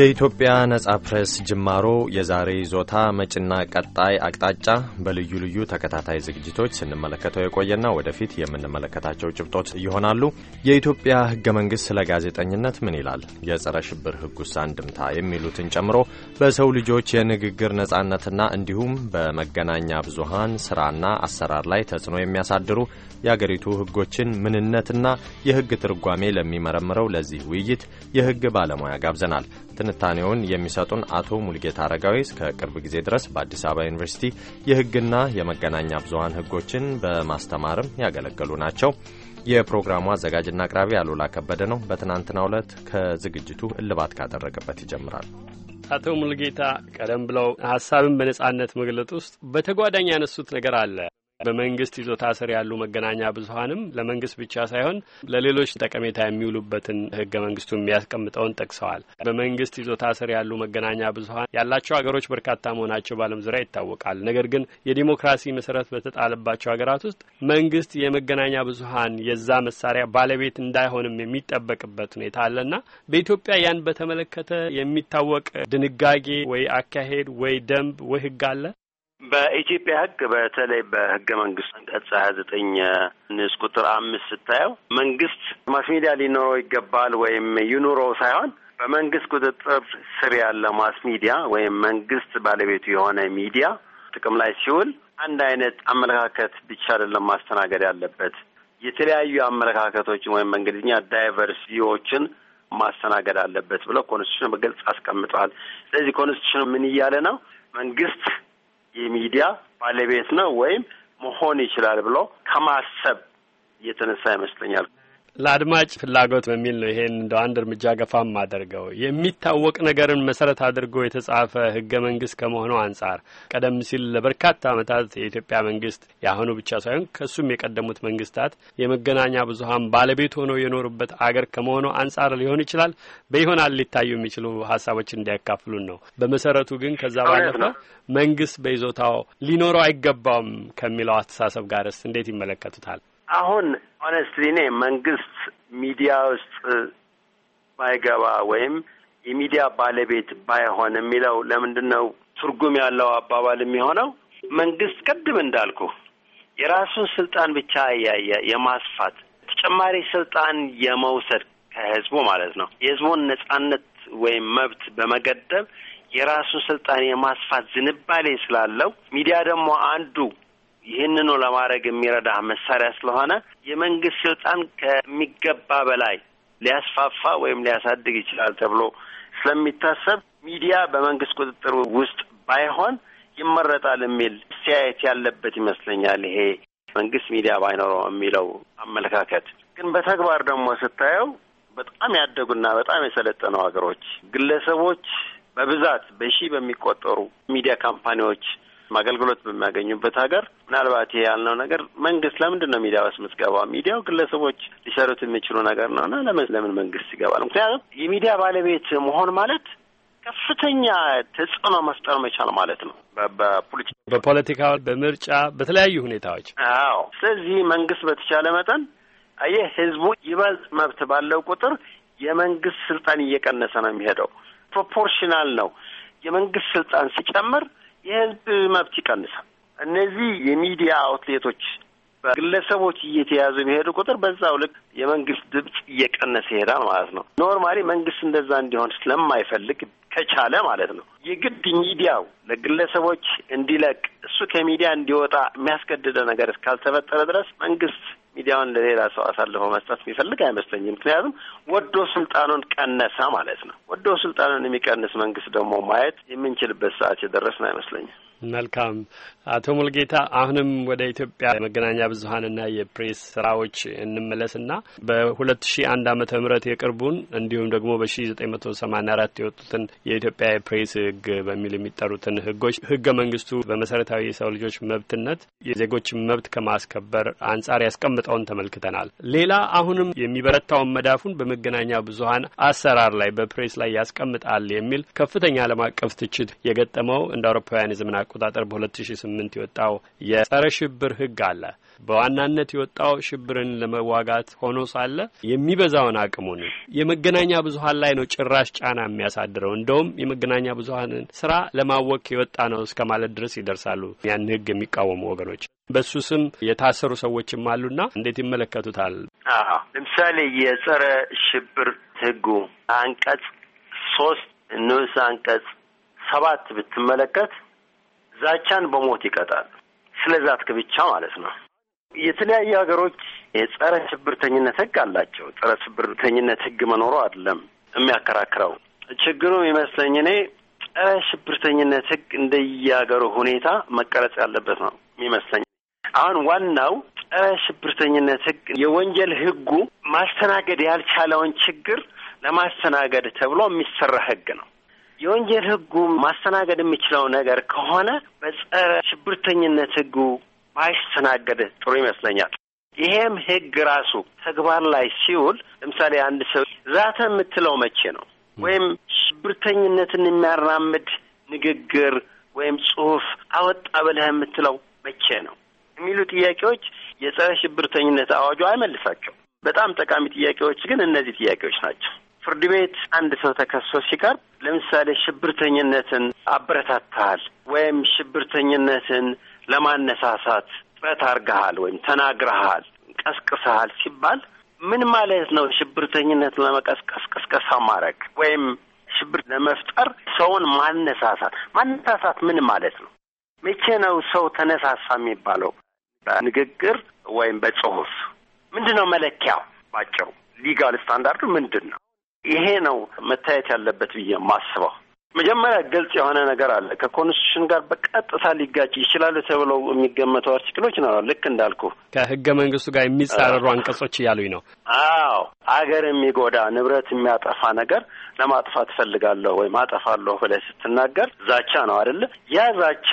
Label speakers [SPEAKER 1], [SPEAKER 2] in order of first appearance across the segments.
[SPEAKER 1] የኢትዮጵያ ነጻ ፕሬስ ጅማሮ፣ የዛሬ ይዞታ፣ መጪና ቀጣይ አቅጣጫ በልዩ ልዩ ተከታታይ ዝግጅቶች ስንመለከተው የቆየና ወደፊት የምንመለከታቸው ጭብጦች ይሆናሉ። የኢትዮጵያ ህገ መንግስት ስለ ጋዜጠኝነት ምን ይላል? የጸረ ሽብር ሕጉስ አንድምታ የሚሉትን ጨምሮ በሰው ልጆች የንግግር ነጻነትና እንዲሁም በመገናኛ ብዙሃን ስራና አሰራር ላይ ተጽዕኖ የሚያሳድሩ የአገሪቱ ህጎችን ምንነትና የህግ ትርጓሜ ለሚመረምረው ለዚህ ውይይት የህግ ባለሙያ ጋብዘናል። ትንታኔውን የሚሰጡን አቶ ሙልጌታ አረጋዊ እስከ ቅርብ ጊዜ ድረስ በአዲስ አበባ ዩኒቨርሲቲ የሕግና የመገናኛ ብዙሀን ሕጎችን በማስተማርም ያገለገሉ ናቸው። የፕሮግራሙ አዘጋጅና አቅራቢ አሉላ ከበደ ነው። በትናንትናው ዕለት ከዝግጅቱ እልባት ካደረገበት ይጀምራል።
[SPEAKER 2] አቶ ሙልጌታ ቀደም ብለው ሀሳብን በነጻነት መግለጥ ውስጥ በተጓዳኝ ያነሱት ነገር አለ። በመንግስት ይዞታ ስር ያሉ መገናኛ ብዙሀንም ለመንግስት ብቻ ሳይሆን ለሌሎች ጠቀሜታ የሚውሉበትን ህገ መንግስቱ የሚያስቀምጠውን ጠቅሰዋል። በመንግስት ይዞታ ስር ያሉ መገናኛ ብዙሀን ያላቸው ሀገሮች በርካታ መሆናቸው በዓለም ዙሪያ ይታወቃል። ነገር ግን የዲሞክራሲ መሰረት በተጣለባቸው ሀገራት ውስጥ መንግስት የመገናኛ ብዙሀን የዛ መሳሪያ ባለቤት እንዳይሆንም የሚጠበቅበት ሁኔታ አለና በኢትዮጵያ ያን በተመለከተ የሚታወቅ ድንጋጌ ወይ አካሄድ ወይ ደንብ ወይ ህግ አለ?
[SPEAKER 3] በኢትዮጵያ ህግ በተለይ በህገ መንግስት አንቀጽ ሀያ ዘጠኝ ንዑስ ቁጥር አምስት ስታየው መንግስት ማስ ሚዲያ ሊኖረው ይገባል ወይም ይኑረው ሳይሆን በመንግስት ቁጥጥር ስር ያለ ማስ ሚዲያ ወይም መንግስት ባለቤቱ የሆነ ሚዲያ ጥቅም ላይ ሲውል አንድ አይነት አመለካከት ብቻ አይደለም ማስተናገድ ያለበት የተለያዩ አመለካከቶችን ወይም እንግሊዝኛ ዳይቨርስ ቪዎችን ማስተናገድ አለበት ብለው ኮንስቲቱሽን በግልጽ አስቀምጠዋል። ስለዚህ ኮንስቲቱሽን ምን እያለ ነው? መንግስት የሚዲያ ባለቤት ነው ወይም መሆን ይችላል ብሎ ከማሰብ የተነሳ ይመስለኛል።
[SPEAKER 2] ለአድማጭ ፍላጎት በሚል ነው ይሄን እንደ አንድ እርምጃ ገፋም አደርገው የሚታወቅ ነገርን መሰረት አድርጎ የተጻፈ ህገ መንግስት ከመሆኑ አንጻር ቀደም ሲል ለበርካታ ዓመታት የኢትዮጵያ መንግስት የአሁኑ ብቻ ሳይሆን ከሱም የቀደሙት መንግስታት የመገናኛ ብዙሀን ባለቤት ሆነው የኖሩበት አገር ከመሆኑ አንጻር ሊሆን ይችላል በይሆናል ሊታዩ የሚችሉ ሀሳቦች እንዲያካፍሉን ነው። በመሰረቱ ግን ከዛ ባለፈ መንግስት በይዞታው ሊኖረው አይገባውም ከሚለው አስተሳሰብ ጋርስ እንዴት ይመለከቱታል?
[SPEAKER 3] አሁን ኦነስትሊ እኔ መንግስት ሚዲያ ውስጥ ባይገባ ወይም የሚዲያ ባለቤት ባይሆን የሚለው ለምንድን ነው ትርጉም ያለው አባባል የሚሆነው? መንግስት ቅድም እንዳልኩ የራሱን ስልጣን ብቻ እያየ የማስፋት ተጨማሪ ስልጣን የመውሰድ ከህዝቡ ማለት ነው የህዝቡን ነጻነት ወይም መብት በመገደብ የራሱን ስልጣን የማስፋት ዝንባሌ ስላለው ሚዲያ ደግሞ አንዱ ይህንኑ ለማድረግ የሚረዳ መሳሪያ ስለሆነ የመንግስት ስልጣን ከሚገባ በላይ ሊያስፋፋ ወይም ሊያሳድግ ይችላል ተብሎ ስለሚታሰብ ሚዲያ በመንግስት ቁጥጥር ውስጥ ባይሆን ይመረጣል የሚል አስተያየት ያለበት ይመስለኛል። ይሄ መንግስት ሚዲያ ባይኖረው የሚለው አመለካከት ግን በተግባር ደግሞ ስታየው በጣም ያደጉና በጣም የሰለጠኑ ሀገሮች ግለሰቦች በብዛት በሺህ በሚቆጠሩ ሚዲያ ካምፓኒዎች አገልግሎት በሚያገኙበት ሀገር ምናልባት ይሄ ያልነው ነገር መንግስት ለምንድን ነው ሚዲያ ውስጥ የምትገባው? ሚዲያው ግለሰቦች ሊሰሩት የሚችሉ ነገር ነው እና ለምን መንግስት ይገባል? ምክንያቱም የሚዲያ ባለቤት መሆን ማለት ከፍተኛ ተጽዕኖ መፍጠር መቻል ማለት ነው። በፖለቲካ
[SPEAKER 2] በፖለቲካ፣ በምርጫ፣ በተለያዩ ሁኔታዎች።
[SPEAKER 3] አዎ። ስለዚህ መንግስት በተቻለ መጠን ይህ ህዝቡ ይበልጥ መብት ባለው ቁጥር የመንግስት ስልጣን እየቀነሰ ነው የሚሄደው። ፕሮፖርሽናል ነው የመንግስት ስልጣን ሲጨምር የህዝብ መብት ይቀንሳል። እነዚህ የሚዲያ አውትሌቶች በግለሰቦች እየተያዙ የሚሄዱ ቁጥር በዛው ልክ የመንግስት ድምፅ እየቀነሰ ይሄዳል ማለት ነው። ኖርማሊ መንግስት እንደዛ እንዲሆን ስለማይፈልግ ከቻለ ማለት ነው የግድ ሚዲያው ለግለሰቦች እንዲለቅ እሱ ከሚዲያ እንዲወጣ የሚያስገድደ ነገር እስካልተፈጠረ ድረስ መንግስት ሚዲያውን ለሌላ ሰው አሳልፎ መስጠት የሚፈልግ አይመስለኝም። ምክንያቱም ወዶ ስልጣኑን ቀነሰ ማለት ነው። ወዶ ስልጣኑን የሚቀንስ መንግስት ደግሞ ማየት የምንችልበት ሰዓት የደረስን
[SPEAKER 2] አይመስለኝም። መልካም አቶ ሙልጌታ አሁንም ወደ ኢትዮጵያ የመገናኛ ብዙሀንና የፕሬስ ስራዎች እንመለስና በሁለት ሺ አንድ አመተ ምህረት የቅርቡን እንዲሁም ደግሞ በሺ ዘጠኝ መቶ ሰማኒያ አራት የወጡትን የኢትዮጵያ የፕሬስ ህግ በሚል የሚጠሩትን ህጎች ህገ መንግስቱ በመሰረታዊ የሰው ልጆች መብትነት የዜጎችን መብት ከማስከበር አንጻር ያስቀምጠውን ተመልክተናል። ሌላ አሁንም የሚበረታውን መዳፉን በመገናኛ ብዙሀን አሰራር ላይ በፕሬስ ላይ ያስቀምጣል የሚል ከፍተኛ ዓለም አቀፍ ትችት የገጠመው እንደ አውሮፓውያን የዘመን አቆጣጠር በሁለት ሺ ስምንት የወጣው የጸረ ሽብር ህግ አለ። በዋናነት የወጣው ሽብርን ለመዋጋት ሆኖ ሳለ የሚበዛውን አቅሙን የመገናኛ ብዙሀን ላይ ነው ጭራሽ ጫና የሚያሳድረው። እንደውም የመገናኛ ብዙሀንን ስራ ለማወክ የወጣ ነው እስከ ማለት ድረስ ይደርሳሉ ያን ህግ የሚቃወሙ ወገኖች። በሱ ስም የታሰሩ ሰዎችም አሉና እንዴት ይመለከቱታል?
[SPEAKER 3] ለምሳሌ የጸረ ሽብር ህጉ አንቀጽ ሶስት ንዑስ አንቀጽ ሰባት ብትመለከት ዛቻን በሞት ይቀጣል። ስለ ዛትክ ብቻ ማለት ነው። የተለያዩ ሀገሮች የጸረ ሽብርተኝነት ህግ አላቸው። ጸረ ሽብርተኝነት ህግ መኖሩ አይደለም የሚያከራክረው ችግሩ የሚመስለኝ እኔ ጸረ ሽብርተኝነት ህግ እንደየሀገሩ ሁኔታ መቀረጽ ያለበት ነው የሚመስለኝ። አሁን ዋናው ጸረ ሽብርተኝነት ህግ የወንጀል ህጉ ማስተናገድ ያልቻለውን ችግር ለማስተናገድ ተብሎ የሚሰራ ህግ ነው። የወንጀል ህጉ ማስተናገድ የሚችለው ነገር ከሆነ በጸረ ሽብርተኝነት ህጉ ባይስተናገድ ጥሩ ይመስለኛል። ይሄም ህግ ራሱ ተግባር ላይ ሲውል ለምሳሌ አንድ ሰው ዛተ የምትለው መቼ ነው? ወይም ሽብርተኝነትን የሚያራምድ ንግግር ወይም ጽሁፍ አወጣ ብለህ የምትለው መቼ ነው? የሚሉ ጥያቄዎች የጸረ ሽብርተኝነት አዋጁ አይመልሳቸው። በጣም ጠቃሚ ጥያቄዎች ግን እነዚህ ጥያቄዎች ናቸው። ፍርድ ቤት አንድ ሰው ተከሶ ሲቀርብ ለምሳሌ ሽብርተኝነትን አበረታታል ወይም ሽብርተኝነትን ለማነሳሳት ጥረት አድርገሃል ወይም ተናግረሃል፣ ቀስቅሰሃል ሲባል ምን ማለት ነው? ሽብርተኝነትን ለመቀስቀስ ቅስቀሳ ማድረግ ወይም ሽብር ለመፍጠር ሰውን ማነሳሳት ማነሳሳት ምን ማለት ነው? መቼ ነው ሰው ተነሳሳ የሚባለው? በንግግር ወይም በጽሁፍ ምንድን ነው መለኪያው? ባጭሩ ሊጋል ስታንዳርዱ ምንድን ነው? ይሄ ነው መታየት ያለበት ብዬ ማስበው። መጀመሪያ ግልጽ የሆነ ነገር አለ። ከኮንስቲቱሽን ጋር በቀጥታ ሊጋጭ ይችላሉ ተብለው የሚገመቱ አርቲክሎች ነው። ልክ እንዳልኩ
[SPEAKER 2] ከህገ መንግስቱ ጋር የሚጻረሩ አንቀጾች እያሉኝ ነው።
[SPEAKER 3] አዎ አገር የሚጎዳ ንብረት የሚያጠፋ ነገር ለማጥፋት እፈልጋለሁ ወይም አጠፋለሁ ብለህ ስትናገር ዛቻ ነው አይደለ? ያ ዛቻ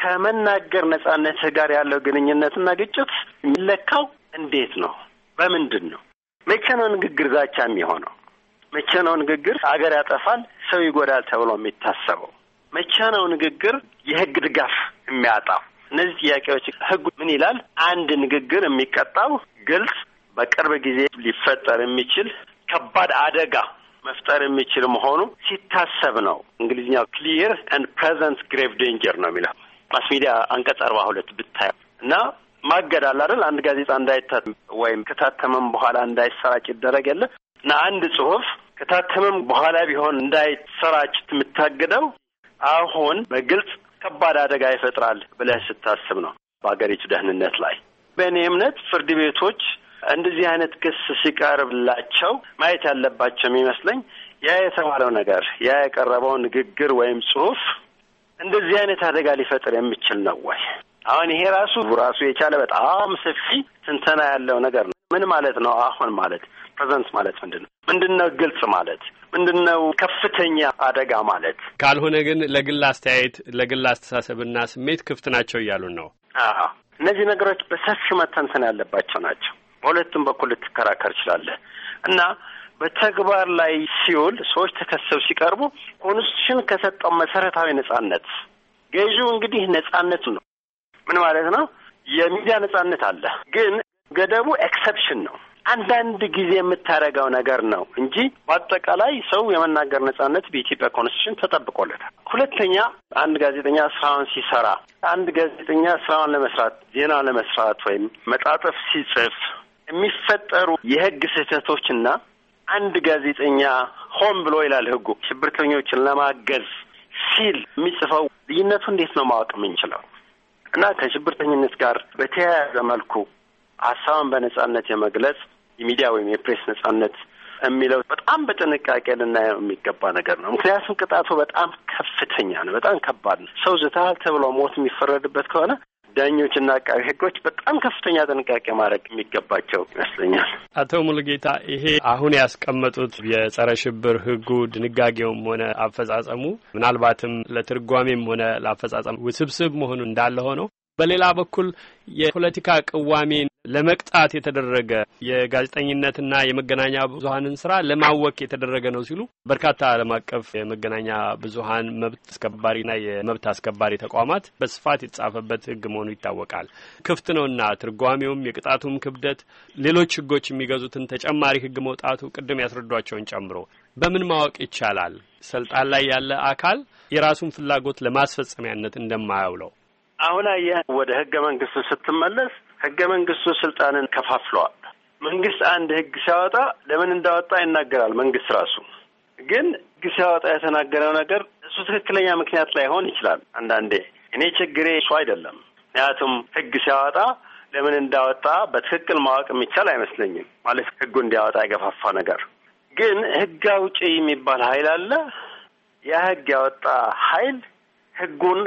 [SPEAKER 3] ከመናገር ነጻነትህ ጋር ያለው ግንኙነትና ግጭት የሚለካው እንዴት ነው? በምንድን ነው? መቼ ነው ንግግር ዛቻ የሚሆነው? መቼ ነው ንግግር አገር ያጠፋል ሰው ይጎዳል ተብሎ የሚታሰበው? መቼ ነው ንግግር የህግ ድጋፍ የሚያጣው? እነዚህ ጥያቄዎች ህጉ ምን ይላል? አንድ ንግግር የሚቀጣው ግልጽ፣ በቅርብ ጊዜ ሊፈጠር የሚችል ከባድ አደጋ መፍጠር የሚችል መሆኑ ሲታሰብ ነው። እንግሊዝኛው ክሊር ኤንድ ፕሬዘንት ግሬቭ ዴንጀር ነው የሚለው ማስ ሚዲያ አንቀጽ አርባ ሁለት ብታይ እና ማገድ አለ አይደል? አንድ ጋዜጣ እንዳይታ ወይም ከታተመም በኋላ እንዳይሰራጭ ይደረግ የለ እና አንድ ጽሁፍ ከታተመም በኋላ ቢሆን እንዳይሰራጭ የምታገደው አሁን በግልጽ ከባድ አደጋ ይፈጥራል ብለህ ስታስብ ነው በሀገሪቱ ደህንነት ላይ። በእኔ እምነት ፍርድ ቤቶች እንደዚህ አይነት ክስ ሲቀርብላቸው ማየት ያለባቸው የሚመስለኝ ያ የተባለው ነገር ያ የቀረበው ንግግር ወይም ጽሁፍ እንደዚህ አይነት አደጋ ሊፈጥር የሚችል ነው ወይ? አሁን ይሄ ራሱ ራሱ የቻለ በጣም ሰፊ ትንተና ያለው ነገር ነው። ምን ማለት ነው? አሁን ማለት ፕሬዘንት ማለት ምንድን ነው? ምንድን ነው ግልጽ ማለት ምንድን ነው? ከፍተኛ አደጋ ማለት
[SPEAKER 2] ካልሆነ ግን ለግል አስተያየት፣ ለግል አስተሳሰብና ስሜት ክፍት ናቸው እያሉን ነው።
[SPEAKER 3] እነዚህ ነገሮች በሰፊው መተንሰን ያለባቸው ናቸው። በሁለቱም በኩል ልትከራከር ትችላለህ እና በተግባር ላይ ሲውል ሰዎች ተከሰብ ሲቀርቡ ኮንስቲቱሽን ከሰጠው መሰረታዊ ነጻነት ገዢው እንግዲህ ነጻነት ነው። ምን ማለት ነው? የሚዲያ ነጻነት አለ። ግን ገደቡ ኤክሰፕሽን ነው። አንዳንድ ጊዜ የምታደርገው ነገር ነው እንጂ በአጠቃላይ ሰው የመናገር ነጻነት በኢትዮጵያ ኮንስቲቱሽን ተጠብቆለታል። ሁለተኛ አንድ ጋዜጠኛ ስራውን ሲሰራ አንድ ጋዜጠኛ ስራውን ለመስራት ዜና ለመስራት ወይም መጣጠፍ ሲጽፍ የሚፈጠሩ የህግ ስህተቶችና አንድ ጋዜጠኛ ሆን ብሎ ይላል ህጉ ሽብርተኞችን ለማገዝ ሲል የሚጽፈው ልዩነቱ እንዴት ነው ማወቅ የምንችለው? እና ከሽብርተኝነት ጋር በተያያዘ መልኩ ሀሳብን በነጻነት የመግለጽ የሚዲያ ወይም የፕሬስ ነጻነት የሚለው በጣም በጥንቃቄ ልናየው የሚገባ ነገር ነው። ምክንያቱም ቅጣቱ በጣም ከፍተኛ ነው፣ በጣም ከባድ ነው። ሰው ዝታል ተብሎ ሞት የሚፈረድበት ከሆነ ዳኞችና አቃቢ ሕጎች በጣም ከፍተኛ ጥንቃቄ ማድረግ የሚገባቸው ይመስለኛል።
[SPEAKER 2] አቶ ሙሉጌታ፣ ይሄ አሁን ያስቀመጡት የጸረ ሽብር ሕጉ ድንጋጌውም ሆነ አፈጻጸሙ ምናልባትም ለትርጓሜም ሆነ ለአፈጻጸም ውስብስብ መሆኑ እንዳለ ሆነው በሌላ በኩል የፖለቲካ ቅዋሜን ለመቅጣት የተደረገ የጋዜጠኝነትና የመገናኛ ብዙሀንን ስራ ለማወክ የተደረገ ነው ሲሉ በርካታ ዓለም አቀፍ የመገናኛ ብዙሀን መብት አስከባሪና የመብት አስከባሪ ተቋማት በስፋት የተጻፈበት ሕግ መሆኑ ይታወቃል። ክፍት ነውና ትርጓሜውም የቅጣቱም ክብደት ሌሎች ሕጎች የሚገዙትን ተጨማሪ ሕግ መውጣቱ ቅድም ያስረዷቸውን ጨምሮ በምን ማወቅ ይቻላል? ስልጣን ላይ ያለ አካል የራሱን ፍላጎት ለማስፈጸሚያነት እንደማያውለው
[SPEAKER 3] አሁን አየህ ወደ ህገ መንግስቱ ስትመለስ ህገ መንግስቱ ስልጣንን ከፋፍለዋል። መንግስት አንድ ህግ ሲያወጣ ለምን እንዳወጣ ይናገራል። መንግስት ራሱ ግን ህግ ሲያወጣ የተናገረው ነገር እሱ ትክክለኛ ምክንያት ላይሆን ይችላል። አንዳንዴ እኔ ችግሬ እሱ አይደለም። ምክንያቱም ህግ ሲያወጣ ለምን እንዳወጣ በትክክል ማወቅ የሚቻል አይመስለኝም። ማለት ህጉ እንዲያወጣ የገፋፋ ነገር ግን ህግ አውጪ የሚባል ኃይል አለ። ያ ህግ ያወጣ ሀይል ህጉን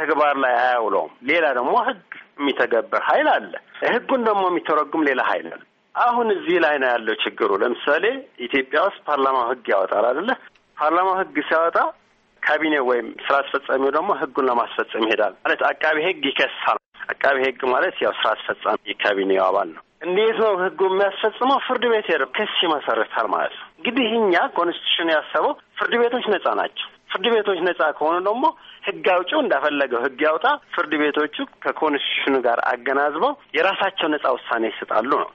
[SPEAKER 3] ተግባር ላይ አያውለውም። ሌላ ደግሞ ህግ የሚተገብር ኃይል አለ። ህጉን ደግሞ የሚተረጉም ሌላ ኃይል አለ። አሁን እዚህ ላይ ነው ያለው ችግሩ። ለምሳሌ ኢትዮጵያ ውስጥ ፓርላማው ህግ ያወጣል አይደለ? ፓርላማው ህግ ሲያወጣ ካቢኔ ወይም ስራ አስፈጻሚው ደግሞ ህጉን ለማስፈጸም ይሄዳል። ማለት አቃቢ ህግ ይከሳል። አቃቢ ህግ ማለት ያው ስራ አስፈጻሚ የካቢኔው አባል ነው። እንዴት ነው ህጉ የሚያስፈጽመው? ፍርድ ቤት ሄደው ክስ ይመሰርታል ማለት ነው። እንግዲህ እኛ ኮንስቲቱሽን ያሰበው ፍርድ ቤቶች ነጻ ናቸው። ፍርድ ቤቶች ነጻ ከሆኑ ደግሞ ህግ አውጪው እንዳፈለገው ህግ ያውጣ፣ ፍርድ ቤቶቹ ከኮንስቲቱሽኑ ጋር አገናዝበው የራሳቸው ነጻ ውሳኔ ይሰጣሉ ነው።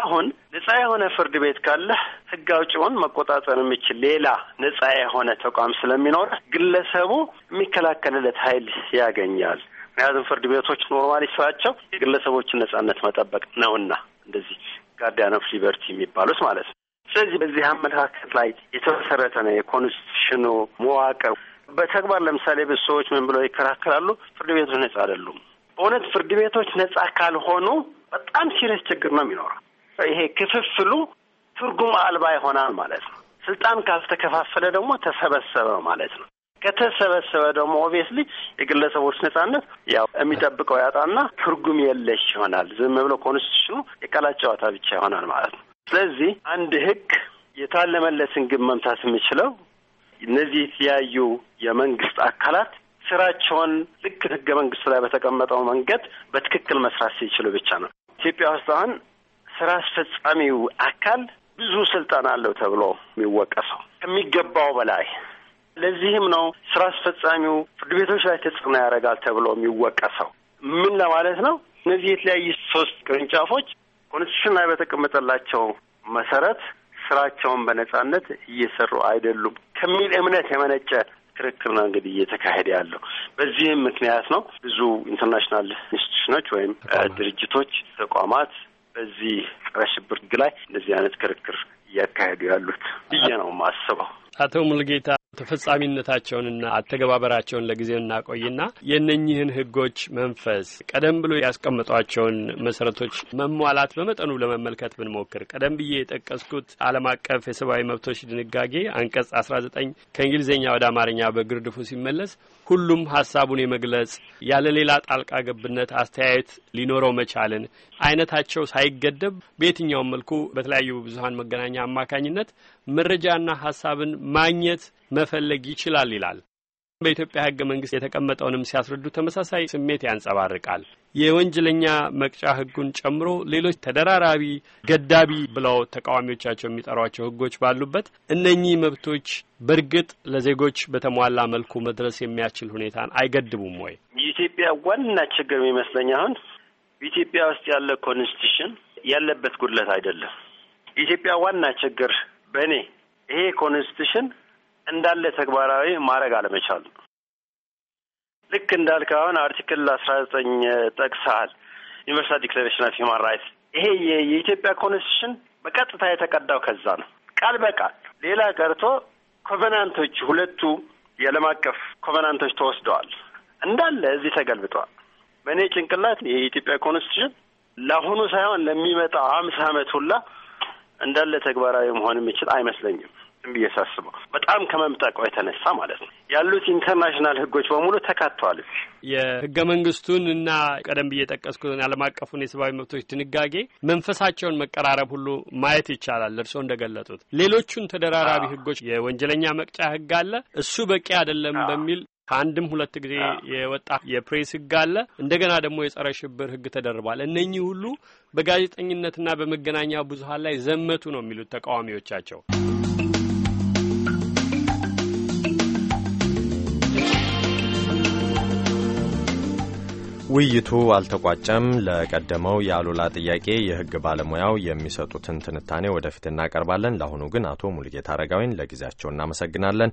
[SPEAKER 3] አሁን ነጻ የሆነ ፍርድ ቤት ካለ ህግ አውጪውን መቆጣጠር የሚችል ሌላ ነጻ የሆነ ተቋም ስለሚኖር ግለሰቡ የሚከላከልለት ኃይል ያገኛል። ምክንያቱም ፍርድ ቤቶች ኖርማሊ ስራቸው የግለሰቦችን ነጻነት መጠበቅ ነውና እንደዚህ ጋርዲያን ኦፍ ሊበርቲ የሚባሉት ማለት ነው። ስለዚህ በዚህ አመለካከት ላይ የተመሰረተ ነው የኮንስቲቱሽኑ መዋቅር። በተግባር ለምሳሌ ብዙ ሰዎች ምን ብለው ይከራከራሉ? ፍርድ ቤቶች ነጻ አይደሉም። እውነት ፍርድ ቤቶች ነጻ ካልሆኑ በጣም ሲሪየስ ችግር ነው የሚኖረው። ይሄ ክፍፍሉ ትርጉም አልባ ይሆናል ማለት ነው። ስልጣን ካልተከፋፈለ ደግሞ ተሰበሰበ ማለት ነው። ከተሰበሰበ ደግሞ ኦብቪየስሊ የግለሰቦች ነጻነት ያው የሚጠብቀው ያጣና ትርጉም የለሽ ይሆናል። ዝም ብሎ ኮንስቲቱሽኑ የቃላት ጨዋታ ብቻ ይሆናል ማለት ነው። ስለዚህ አንድ ህግ የታለመለትን ግብ መምታት የሚችለው እነዚህ የተለያዩ የመንግስት አካላት ስራቸውን ልክ ህገ መንግስቱ ላይ በተቀመጠው መንገድ በትክክል መስራት ሲችሉ ብቻ ነው። ኢትዮጵያ ውስጥ አሁን ስራ አስፈጻሚው አካል ብዙ ስልጣን አለው ተብሎ የሚወቀሰው ከሚገባው በላይ ለዚህም ነው ስራ አስፈጻሚው ፍርድ ቤቶች ላይ ተጽዕኖ ያደርጋል ተብሎ የሚወቀሰው። ምን ለማለት ነው? እነዚህ የተለያዩ ሶስት ቅርንጫፎች ኮንስቲቱሽን ላይ በተቀመጠላቸው መሰረት ስራቸውን በነጻነት እየሰሩ አይደሉም ከሚል እምነት የመነጨ ክርክር ነው እንግዲህ እየተካሄደ ያለው። በዚህም ምክንያት ነው ብዙ ኢንተርናሽናል ኢንስቲቱሽኖች ወይም ድርጅቶች፣ ተቋማት በዚህ ጸረ ሽብር ህግ ላይ እንደዚህ አይነት ክርክር እያካሄዱ ያሉት ብዬ ነው
[SPEAKER 1] የማስበው።
[SPEAKER 2] አቶ ሙልጌታ ተፈጻሚነታቸውንና አተገባበራቸውን ለጊዜ እናቆይና የእነኝህን ህጎች መንፈስ ቀደም ብሎ ያስቀመጧቸውን መሰረቶች መሟላት በመጠኑ ለመመልከት ብንሞክር ቀደም ብዬ የጠቀስኩት ዓለም አቀፍ የሰብአዊ መብቶች ድንጋጌ አንቀጽ 19 ከእንግሊዝኛ ወደ አማርኛ በግርድፉ ሲመለስ ሁሉም ሀሳቡን የመግለጽ ያለ ሌላ ጣልቃ ገብነት አስተያየት ሊኖረው መቻልን አይነታቸው ሳይገደብ በየትኛውም መልኩ በተለያዩ ብዙሀን መገናኛ አማካኝነት መረጃና ሀሳብን ማግኘት መፈለግ ይችላል ይላል። በኢትዮጵያ ህገ መንግስት የተቀመጠውንም ሲያስረዱ ተመሳሳይ ስሜት ያንጸባርቃል። የወንጀለኛ መቅጫ ህጉን ጨምሮ ሌሎች ተደራራቢ ገዳቢ ብለው ተቃዋሚዎቻቸው የሚጠሯቸው ህጎች ባሉበት እነኚህ መብቶች በእርግጥ ለዜጎች በተሟላ መልኩ መድረስ የሚያስችል ሁኔታን አይገድቡም ወይ?
[SPEAKER 3] የኢትዮጵያ ዋና ችግር የሚመስለኝ አሁን ኢትዮጵያ ውስጥ ያለ ኮንስቲቱሽን ያለበት ጉድለት አይደለም። የኢትዮጵያ ዋና ችግር በእኔ ይሄ ኮንስቲቱሽን እንዳለ ተግባራዊ ማድረግ አለመቻሉ ልክ እንዳልከ አሁን አርቲክል አስራ ዘጠኝ ጠቅሰሃል። ዩኒቨርሳል ዲክሌሬሽን ኦፍ ሂማን ራይትስ ይሄ የኢትዮጵያ ኮንስቲቱሽን በቀጥታ የተቀዳው ከዛ ነው፣ ቃል በቃል ሌላ ቀርቶ ኮቨናንቶች ሁለቱ የዓለም አቀፍ ኮቨናንቶች ተወስደዋል፣ እንዳለ እዚህ ተገልብጠዋል። በእኔ ጭንቅላት የኢትዮጵያ ኮንስቲቱሽን ለአሁኑ ሳይሆን ለሚመጣው አምስት ዓመት ሁላ እንዳለ ተግባራዊ መሆን የሚችል አይመስለኝም። ብዬ ሳስበው በጣም ከመምጠቀው የተነሳ ማለት ነው ያሉት ኢንተርናሽናል ህጎች በሙሉ ተካተዋል። እዚህ
[SPEAKER 2] የህገ መንግስቱን እና ቀደም ብዬ የጠቀስኩትን ዓለም አቀፉን የሰብአዊ መብቶች ድንጋጌ መንፈሳቸውን መቀራረብ ሁሉ ማየት ይቻላል። እርስዎ እንደገለጡት ሌሎቹን ተደራራቢ ህጎች የወንጀለኛ መቅጫ ህግ አለ፣ እሱ በቂ አይደለም በሚል ከአንድም ሁለት ጊዜ የወጣ የፕሬስ ህግ አለ። እንደገና ደግሞ የጸረ ሽብር ህግ ተደርቧል። እነኚህ ሁሉ በጋዜጠኝነትና በመገናኛ ብዙሀን ላይ ዘመቱ ነው የሚሉት ተቃዋሚዎቻቸው።
[SPEAKER 1] ውይይቱ አልተቋጨም። ለቀደመው የአሉላ ጥያቄ የህግ ባለሙያው የሚሰጡትን ትንታኔ ወደፊት እናቀርባለን። ለአሁኑ ግን አቶ ሙሉጌታ አረጋዊን ለጊዜያቸው እናመሰግናለን።